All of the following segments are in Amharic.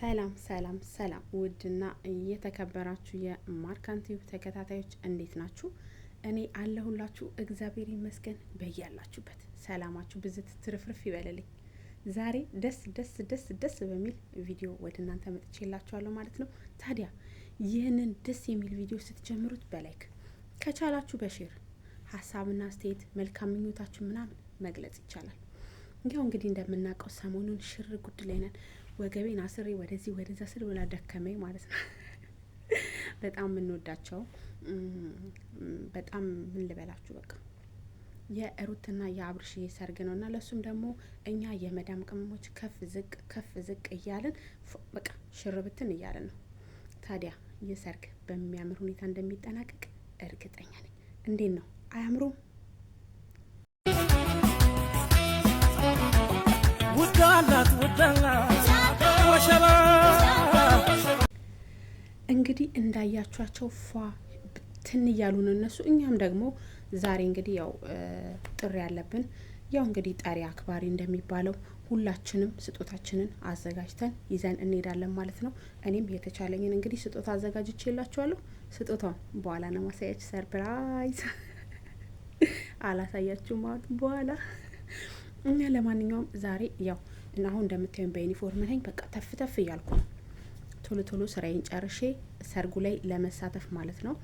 ሰላም ሰላም ሰላም ውድና እየተከበራችሁ የማርካን ተከታታዮች እንዴት ናችሁ? እኔ አለሁላችሁ እግዚአብሔር ይመስገን። በያላችሁበት ሰላማችሁ ብዝት ትርፍርፍ ይበልልኝ። ዛሬ ደስ ደስ ደስ ደስ በሚል ቪዲዮ ወደ እናንተ መጥቼላችኋለሁ ማለት ነው። ታዲያ ይህንን ደስ የሚል ቪዲዮ ስትጀምሩት በላይክ ከቻላችሁ በሼር ሀሳብና አስተያየት መልካም ምኞታችሁ ምናምን መግለጽ ይቻላል። ያው እንግዲህ እንደምናውቀው ሰሞኑን ሽር ጉድ ላይ ነን ወገቤን አስሬ ወደዚህ ወደዛ ስል ብላ ደከመኝ ማለት ነው። በጣም የምንወዳቸው በጣም ምን ልበላችሁ በቃ የሩትና የአብርሽ ሰርግ ነው እና ለእሱም ደግሞ እኛ የመዳም ቅመሞች ከፍ ዝቅ ከፍ ዝቅ እያልን በቃ ሽርብትን እያልን ነው። ታዲያ ይህ ሰርግ በሚያምር ሁኔታ እንደሚጠናቀቅ እርግጠኛ ነኝ። እንዴት ነው አያምሩም? ውዳላት ውዳላት እንግዲህ እንዳያቸኋቸው ፏ ትን እያሉ ነው እነሱ። እኛም ደግሞ ዛሬ እንግዲህ ያው ጥሪ ያለብን ያው እንግዲህ ጠሪ አክባሪ እንደሚባለው ሁላችንም ስጦታችንን አዘጋጅተን ይዘን እንሄዳለን ማለት ነው። እኔም የተቻለኝን እንግዲህ ስጦታ አዘጋጅቼ የላችኋለሁ። ስጦታውን በኋላ ነው ማሳያች፣ ሰርፕራይዝ አላሳያችሁም በኋላ እኛ ለማንኛውም ዛሬ ያው እና አሁን እንደምታዩን በዩኒፎርም ነኝ። በቃ ተፍ ተፍ እያልኩ ነው ቶሎ ቶሎ ስራዬን ጨርሼ ሰርጉ ላይ ለመሳተፍ ማለት ነው።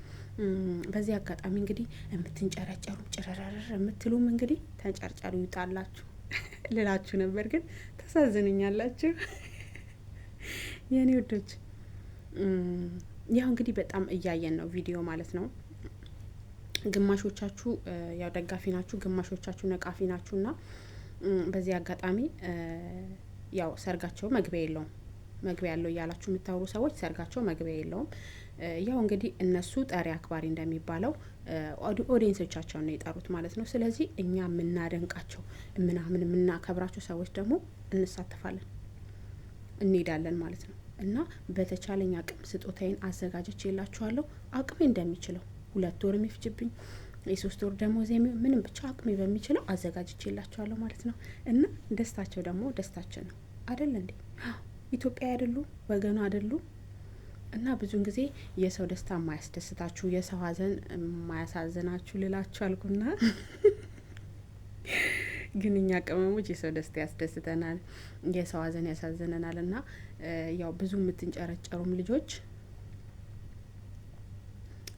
በዚህ አጋጣሚ እንግዲህ የምትንጨረጨሩ ጭረረረር የምትሉም እንግዲህ ተንጨርጨሩ ይውጣላችሁ ልላችሁ ነበር፣ ግን ተሳዝንኛላችሁ የእኔ ውዶች። ያው እንግዲህ በጣም እያየን ነው ቪዲዮ ማለት ነው። ግማሾቻችሁ ያው ደጋፊ ናችሁ፣ ግማሾቻችሁ ነቃፊ ናችሁ እና በዚህ አጋጣሚ ያው ሰርጋቸው መግቢያ የለውም መግቢያ ያለው እያላችሁ የምታወሩ ሰዎች ሰርጋቸው መግቢያ የለውም። ያው እንግዲህ እነሱ ጠሪ አክባሪ እንደሚባለው ኦዲየንሶቻቸውን ነው የጠሩት ማለት ነው። ስለዚህ እኛ የምናደንቃቸው ምናምን የምናከብራቸው ሰዎች ደግሞ እንሳተፋለን፣ እንሄዳለን ማለት ነው እና በተቻለኝ አቅም ስጦታዬን አዘጋጀች የላችኋለሁ አቅሜ እንደሚችለው ሁለት ወር የሚፍጅብኝ የሶስት ወር ደሞዝ ምንም ብቻ አቅሜ በሚችለው አዘጋጅቼላቸዋለሁ ማለት ነው። እና ደስታቸው ደግሞ ደስታችን ነው አደል እንዴ? ኢትዮጵያ አይደሉ ወገኑ አይደሉ? እና ብዙን ጊዜ የሰው ደስታ የማያስደስታችሁ የሰው ሀዘን የማያሳዝናችሁ ልላችሁ አልኩና ግን እኛ ቅመሞች የሰው ደስታ ያስደስተናል፣ የሰው ሀዘን ያሳዝነናል። እና ያው ብዙ የምትንጨረጨሩም ልጆች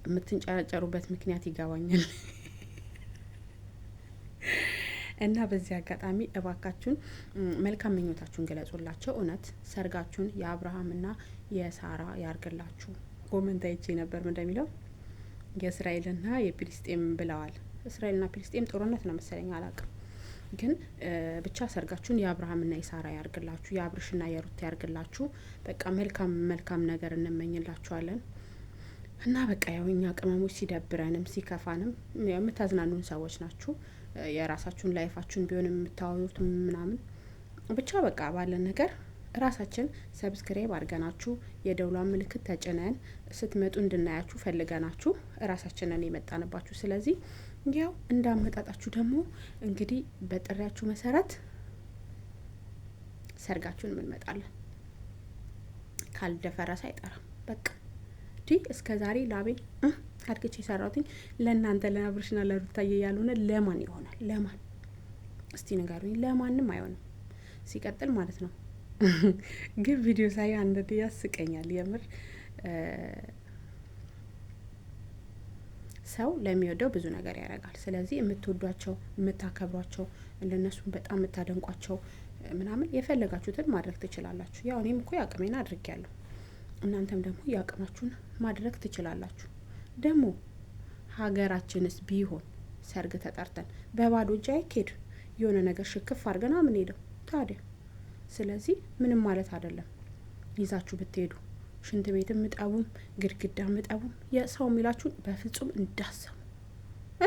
የምትንጨረጨሩበት ምክንያት ይገባኛል። እና በዚህ አጋጣሚ እባካችሁን መልካም ምኞታችሁን ገለጹላቸው። እውነት ሰርጋችሁን የአብርሃምና የሳራ ያርግላችሁ። ጎመንታ ይቼ ነበር እንደሚለው የእስራኤልና የፊልስጤም ብለዋል። እስራኤልና ፊልስጤም ጦርነት ነው መሰለኝ አላውቅም። ግን ብቻ ሰርጋችሁን የአብርሃምና የሳራ ያርግላችሁ፣ የአብርሽና የሩት ያርግላችሁ። በቃ መልካም መልካም ነገር እንመኝላችኋለን። እና በቃ ያው እኛ ቅመሞች ሲደብረንም ሲከፋንም የምታዝናኑን ሰዎች ናችሁ። የራሳችሁን ላይፋችሁን ቢሆን የምታወሩት ምናምን ብቻ በቃ ባለን ነገር ራሳችን ሰብስክራይብ አድርገናችሁ የደውሏን ምልክት ተጭነን ስትመጡ እንድናያችሁ ፈልገናችሁ ራሳችንን የመጣንባችሁ። ስለዚህ ያው እንዳመጣጣችሁ ደግሞ እንግዲህ በጥሪያችሁ መሰረት ሰርጋችሁን እንመጣለን። ካልደፈረሰ አይጠራም በቃ እንጂ እስከ ዛሬ ላቤን አድግቼ የሰራሁትኝ ለእናንተ ለአብርሽና ለሩታዬ ያልሆነ ለማን ይሆናል? ለማን እስቲ ንገሩኝ። ለማንም አይሆንም። ሲቀጥል ማለት ነው ግን ቪዲዮ ሳይ አንዳንዴ ያስቀኛል የምር ሰው ለሚወደው ብዙ ነገር ያደርጋል። ስለዚህ የምትወዷቸው የምታከብሯቸው፣ እንደነሱም በጣም የምታደንቋቸው ምናምን የፈለጋችሁትን ማድረግ ትችላላችሁ። ያው እኔም እኮ አቅሜን አድርጌያለሁ። እናንተም ደግሞ የአቅማችሁን ማድረግ ትችላላችሁ። ደግሞ ሀገራችንስ ቢሆን ሰርግ ተጠርተን በባዶ እጅ አይኬድ የሆነ ነገር ሽክፍ አድርገና ምን ሄደው ታዲያ። ስለዚህ ምንም ማለት አይደለም ይዛችሁ ብትሄዱ ሽንት ቤት ምጠቡም፣ ግድግዳ ምጠቡም፣ የሰው የሚላችሁን በፍጹም እንዳሰሙ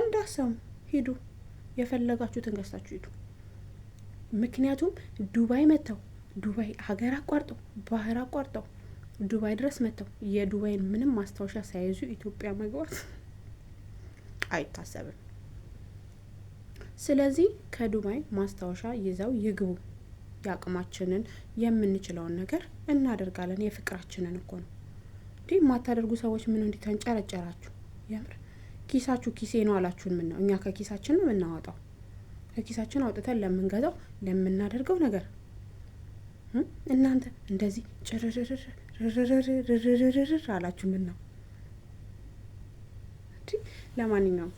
እንዳሰሙ ሂዱ። የፈለጋችሁትን ገዝታችሁ ሂዱ። ምክንያቱም ዱባይ መጥተው ዱባይ ሀገር አቋርጠው ባህር አቋርጠው ዱባይ ድረስ መጥተው የዱባይን ምንም ማስታወሻ ሳይዙ ኢትዮጵያ መግባት አይታሰብም። ስለዚህ ከዱባይ ማስታወሻ ይዘው ይግቡ። የአቅማችንን የምንችለውን ነገር እናደርጋለን። የፍቅራችንን እኮ ነው እንዲህ የማታደርጉ ሰዎች ምን እንዲህ ተንጨረጨራችሁ? የምር ኪሳችሁ ኪሴ ነው አላችሁን? ምን ነው እኛ ከኪሳችን ነው የምናወጣው። ከኪሳችን አውጥተን ለምንገዛው ለምናደርገው ነገር እናንተ እንደዚህ ጭርርርር ርርርርርርርር አላችሁ። ምን ነው? ለማንኛውም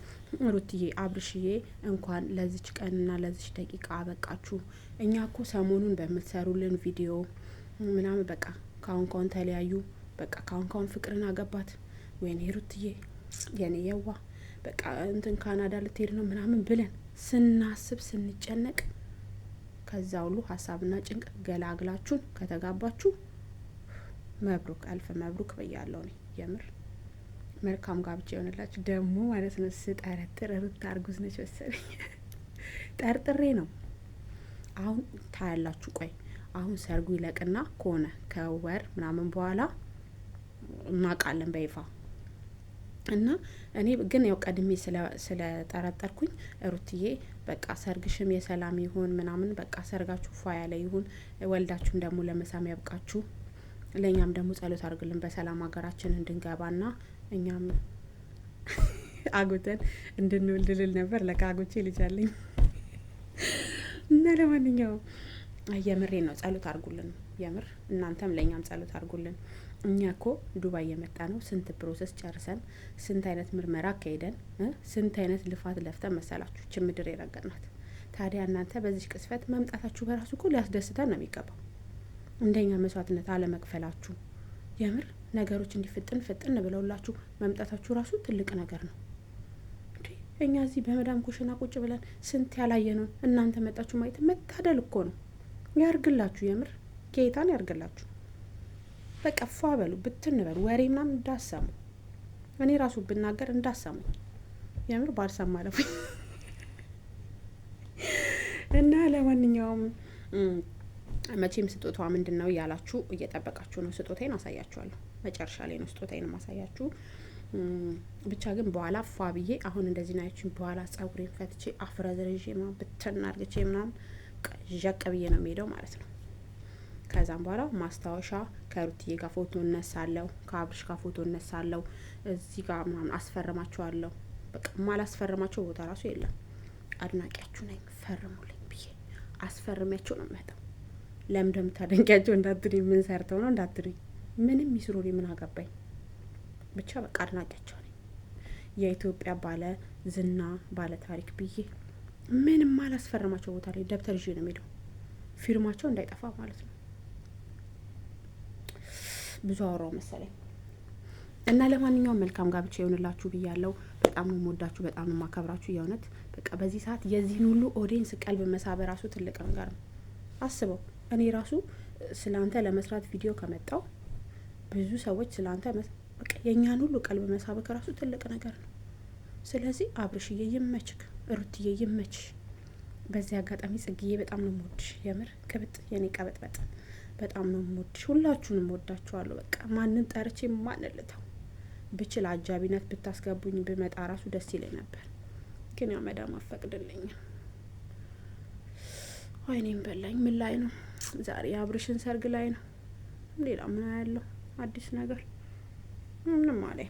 ሩትዬ አብርሽዬ እንኳን ለዚች ቀንና ለዚች ደቂቃ አበቃችሁ። እኛ እኮ ሰሞኑን በምትሰሩልን ቪዲዮ ምናምን በቃ ካሁን ካሁን ተለያዩ፣ በቃ ካሁን ካሁን ፍቅርን አገባት። ወይኔ ሩትዬ የኔ የዋ በቃ እንትን ካናዳ ልትሄድ ነው ምናምን ብለን ስናስብ ስንጨነቅ ከዛ ሁሉ ሀሳብና ጭንቅ ገላግላችሁን ከተጋባችሁ መብሩክ አልፈ መብሩክ ብያለሁ ነው የምር መልካም ጋብቻ የሆነላችሁ ደግሞ ማለት ነው። ስጠረጥር ሩታ እርጉዝ ነች መሰለኝ ጠርጥሬ ነው። አሁን ታያላችሁ። ቆይ አሁን ሰርጉ ይለቅና ከሆነ ከወር ምናምን በኋላ እናውቃለን በይፋ እና እኔ ግን ያው ቀድሜ ስለጠረጠርኩኝ ሩትዬ በቃ ሰርግሽም የሰላም ይሁን ምናምን በቃ ሰርጋችሁ ፏ ያለ ይሁን፣ ወልዳችሁም ደግሞ ለመሳም ያብቃችሁ ለእኛም ደግሞ ጸሎት አድርግልን በሰላም ሀገራችን እንድንገባና እኛም አጉተን እንድንወልድልል ነበር። ለካ አጉቼ ልጅ አለኝ እና ለማንኛውም የምሬ ነው። ጸሎት አድርጉልን የምር እናንተም ለእኛም ጸሎት አድርጉልን። እኛ እኮ ዱባይ የመጣ ነው ስንት ፕሮሰስ ጨርሰን ስንት አይነት ምርመራ አካሄደን ስንት አይነት ልፋት ለፍተን መሰላችሁ ችምድር የረገጥናት። ታዲያ እናንተ በዚህ ቅስፈት መምጣታችሁ በራሱ እኮ ሊያስደስተን ነው የሚገባው። እንደኛ መስዋዕትነት አለመክፈላችሁ የምር ነገሮች እንዲፍጥን ፍጥን ብለውላችሁ መምጣታችሁ ራሱ ትልቅ ነገር ነው። እኛ እዚህ በመዳም ኩሽና ቁጭ ብለን ስንት ያላየነውን እናንተ መጣችሁ ማየት መታደል እኮ ነው። ያርግላችሁ፣ የምር ጌታን ያርግላችሁ። በቃ ፏ በሉ ብትን በሉ ወሬ ምናምን እንዳሰሙ እኔ ራሱ ብናገር እንዳሰሙ የምር ባልሰማ አለፉኝ እና ለማንኛውም መቼም ስጦታ ምንድን ነው እያላችሁ እየጠበቃችሁ ነው። ስጦታይን አሳያችኋለሁ። መጨረሻ ላይ ነው ስጦታይን ማሳያችሁ። ብቻ ግን በኋላ ፏ ብዬ አሁን እንደዚህ ናያችን በኋላ ጸጉሬን ፈትቼ አፍረዝርዤ ምናምን ብትን አርግቼ ምናምን ዣቅ ብዬ ነው የሚሄደው ማለት ነው። ከዛም በኋላ ማስታወሻ ከሩትዬ ጋር ፎቶ እነሳለሁ፣ ከአብርሽ ጋር ፎቶ እነሳለሁ። እዚህ ጋር ምናምን አስፈርማችኋለሁ። በቃ ማላስፈርማቸው ቦታ ራሱ የለም። አድናቂያችሁ ነኝ ፈርሙልኝ ብዬ አስፈርሚያቸው ነው የሚያጠው ለምን እንደምታደንቂያቸው እንዳትሪ ምን ሰርተው ነው እንዳትሪ ምንም ይስሩ ምን አገባኝ ብቻ በቃ አድናቂያቸው ነኝ። የኢትዮጵያ ባለ ዝና ባለ ታሪክ ብዬ ምንም አላስፈረማቸው ቦታ ላይ ደብተር ይዤ ነው የሚሄደው ፊርማቸው እንዳይጠፋ ማለት ነው። ብዙ አወራው መሰለኝ እና ለማንኛውም መልካም ጋብቻ ይሆንላችሁ ብያለሁ። በጣም ነው የምወዳችሁ፣ በጣም ነው የማከብራችሁ። የእውነት በቃ በዚህ ሰዓት የዚህን ሁሉ ኦዲየንስ ቀልብ መሳብ ራሱ ትልቅ ነገር ነው። አስበው እኔ ራሱ ስለ አንተ ለመስራት ቪዲዮ ከመጣው ብዙ ሰዎች ስለ አንተ የእኛን ሁሉ ቀልብ መሳበክ ራሱ ትልቅ ነገር ነው። ስለዚህ አብርሽዬ ይመችክ፣ ሩትዬ ይመች። በዚህ አጋጣሚ ጽግዬ በጣም ነው የምወድሽ። የምር ቅብጥ የኔ ቀበጥበጥ በጣም ነው የምወድሽ። ሁላችሁንም ወዳችኋለሁ። በቃ ማንም ጠርቼ ማንልተው ብችል አጃቢነት ብታስገቡኝ ብመጣ ራሱ ደስ ይለኝ ነበር፣ ግን ያው መዳም አፈቅድልኝ። ወይኔም በላኝ ምን ላይ ነው ዛሬ የአብርሽን ሰርግ ላይ ነው። ሌላ ምን ያለው አዲስ ነገር ምንም አለ።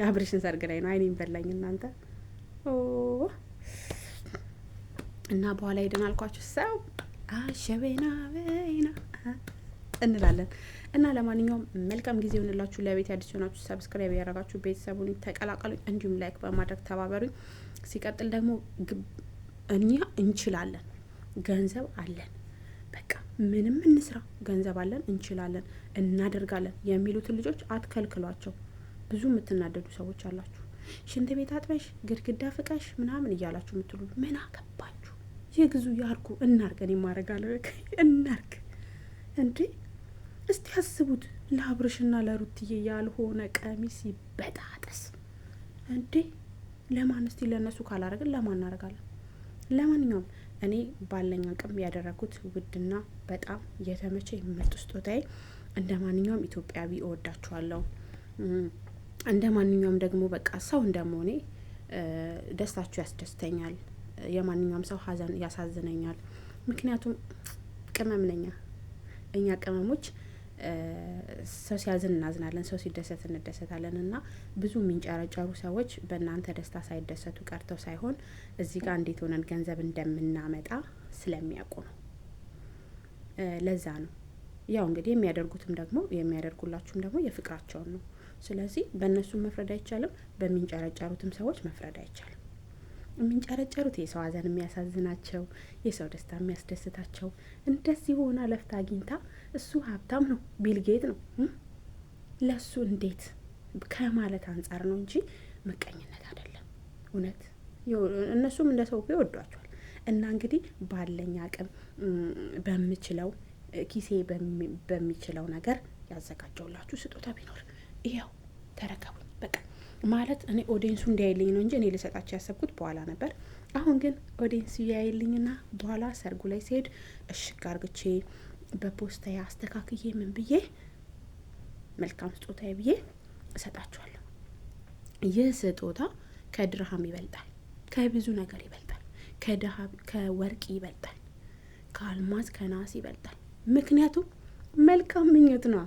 የአብርሽን ሰርግ ላይ ነው። አይኔን በላኝ እናንተ እና በኋላ ሄደን አልኳችሁ ሰው አሸቤና ቤና እንላለን እና ለማንኛውም መልካም ጊዜ ይሆንላችሁ። ለቤት አዲስ ሆናችሁ ሰብስክራይብ ያደረጋችሁ ቤተሰቡን ተቀላቀሉ፣ እንዲሁም ላይክ በማድረግ ተባበሩኝ። ሲቀጥል ደግሞ እኛ እንችላለን፣ ገንዘብ አለን። ምንም እንስራ፣ ገንዘብ አለን፣ እንችላለን፣ እናደርጋለን የሚሉትን ልጆች አትከልክሏቸው። ብዙ የምትናደዱ ሰዎች አላችሁ። ሽንት ቤት አጥበሽ ግድግዳ ፍቀሽ ምናምን እያላችሁ የምትሉ ምን አገባችሁ? የግዙ ያርጉ፣ እናርገን የማረጋለ እናርግ እንዴ! እስቲ ያስቡት ለአብርሽና ለሩትዬ ያልሆነ ቀሚስ ይበጣጠስ እንዴ! ለማን እስቲ ለእነሱ ካላረግን ለማን እናረጋለን? ለማንኛውም እኔ ባለኝ አቅም ያደረጉት ውድና በጣም የተመቸ ምርጥ ስጦታዬ። እንደ ማንኛውም ኢትዮጵያዊ እወዳችኋለሁ። እንደ ማንኛውም ደግሞ በቃ ሰው እንደመሆኔ ደስታችሁ ያስደስተኛል። የማንኛውም ሰው ሀዘን ያሳዝነኛል። ምክንያቱም ቅመም ነኛ እኛ ቅመሞች ሰው ሲያዝን እናዝናለን፣ ሰው ሲደሰት እንደሰታለን እና ብዙ የሚንጨረጨሩ ሰዎች በእናንተ ደስታ ሳይደሰቱ ቀርተው ሳይሆን እዚህ ጋር እንዴት ሆነን ገንዘብ እንደምናመጣ ስለሚያውቁ ነው። ለዛ ነው ያው እንግዲህ የሚያደርጉትም ደግሞ የሚያደርጉላችሁም ደግሞ የፍቅራቸውን ነው። ስለዚህ በእነሱም መፍረድ አይቻልም፣ በሚንጨረጨሩትም ሰዎች መፍረድ አይቻልም። የሚንጨረጨሩት የሰው ሀዘን የሚያሳዝናቸው፣ የሰው ደስታ የሚያስደስታቸው እንደዚህ ሆና ለፍታ አግኝታ እሱ ሀብታም ነው፣ ቢልጌት ነው። ለእሱ እንዴት ከማለት አንጻር ነው እንጂ ምቀኝነት አይደለም። እውነት እነሱም እንደ ሰው ይወዷቸዋል። እና እንግዲህ ባለኝ አቅም በምችለው ኪሴ በሚችለው ነገር ያዘጋጀውላችሁ ስጦታ ቢኖር ይኸው ተረከቡኝ። በቃ ማለት እኔ ኦዲንሱ እንዲያይልኝ ነው እንጂ እኔ ልሰጣቸው ያሰብኩት በኋላ ነበር። አሁን ግን ኦዲንስ ያይልኝና በኋላ ሰርጉ ላይ ሲሄድ እሽግ አርግቼ በፖስታ አስተካክዬ ምን ብዬ መልካም ስጦታ ብዬ እሰጣችኋለሁ። ይህ ስጦታ ከድርሃም ይበልጣል፣ ከብዙ ነገር ይበልጣል፣ ከወርቅ ይበልጣል፣ ከአልማዝ ከናስ ይበልጣል። ምክንያቱም መልካም ምኞት ነው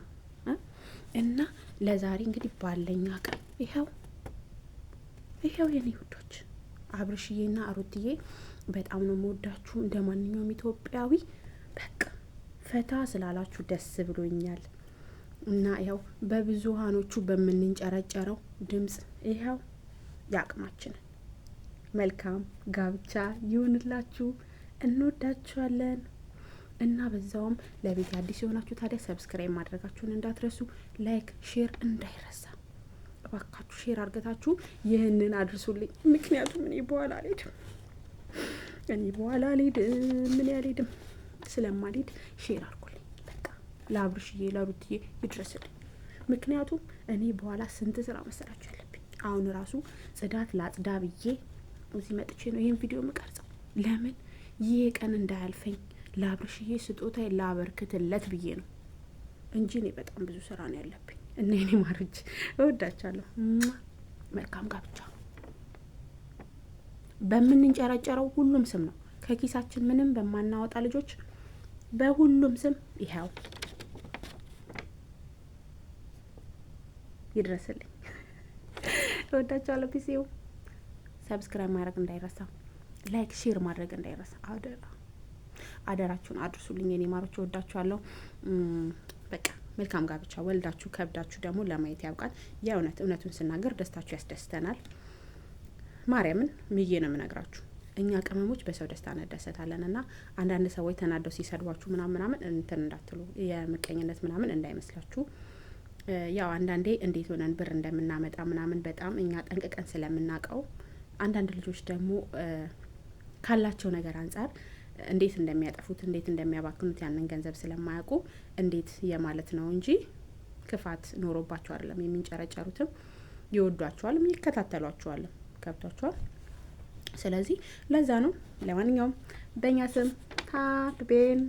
እና ለዛሬ እንግዲህ ባለኝ አቅም ይኸው ይኸው የኔ ውዶች አብርሽዬና አሩትዬ በጣም ነው መወዳችሁ። እንደ ማንኛውም ኢትዮጵያዊ በቃ ፈታ ስላላችሁ ደስ ብሎኛል እና ያው በብዙሃኖቹ በምንንጨረጨረው ድምፅ ይኸው ያቅማችን መልካም ጋብቻ ይሁንላችሁ። እንወዳችኋለን እና በዛውም ለቤት አዲስ የሆናችሁ ታዲያ ሰብስክራይብ ማድረጋችሁን እንዳትረሱ፣ ላይክ ሼር እንዳይረሳ እባካችሁ ሼር አድርገታችሁ ይህንን አድርሱልኝ። ምክንያቱም እኔ በኋላ አልሄድም እኔ በኋላ አልሄድም ምን ያልሄድም ስለማልሄድ ሼር አድርጉልኝ። በቃ ለአብርሽዬ ለሩትዬ ይድረስልኝ። ምክንያቱም እኔ በኋላ ስንት ስራ መሰራችሁ ያለብኝ። አሁን ራሱ ጽዳት ላጽዳ ብዬ እዚህ መጥቼ ነው ይህን ቪዲዮ የምቀርጸው። ለምን ይሄ ቀን እንዳያልፈኝ ለአብርሽዬ ስጦታ ላበርክትለት ብዬ ነው እንጂ እኔ በጣም ብዙ ስራ ነው ያለብኝ። እና ኔ ማሮች እወዳቻለሁ። መልካም ጋብቻ። በምንንጨረጨረው ሁሉም ስም ነው ከኪሳችን ምንም በማናወጣ ልጆች በሁሉም ስም ይኸው ይድረስልኝ። እወዳቸዋለሁ። ፒሲው ሰብስክራይብ ማድረግ እንዳይረሳ፣ ላይክ ሼር ማድረግ እንዳይረሳ። አደራ አደራችሁን አድርሱልኝ። የኔ ማሮች እወዳችኋለሁ። በቃ መልካም ጋብቻ። ወልዳችሁ ከብዳችሁ ደግሞ ለማየት ያብቃል። የእውነት እውነቱን ስናገር ደስታችሁ ያስደስተናል። ማርያምን ምዬ ነው የምነግራችሁ። እኛ ቅመሞች በሰው ደስታ እንደሰታለን እና አንዳንድ ሰዎች ተናደው ሲሰድቧችሁ ምናምን ምናምን እንትን እንዳትሉ የምቀኝነት ምናምን እንዳይመስላችሁ። ያው አንዳንዴ እንዴት ሆነን ብር እንደምናመጣ ምናምን በጣም እኛ ጠንቅቀን ስለምናውቀው፣ አንዳንድ ልጆች ደግሞ ካላቸው ነገር አንጻር እንዴት እንደሚያጠፉት እንዴት እንደሚያባክኑት ያንን ገንዘብ ስለማያውቁ እንዴት የማለት ነው እንጂ ክፋት ኖሮባቸው አይደለም። የሚንጨረጨሩትም ይወዷቸዋልም ይከታተሏቸዋልም። ገብቷቸዋል። ስለዚህ ለዛ ነው። ለማንኛውም በእኛ ስም ሀፒ ቤን